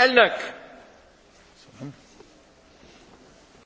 elnök!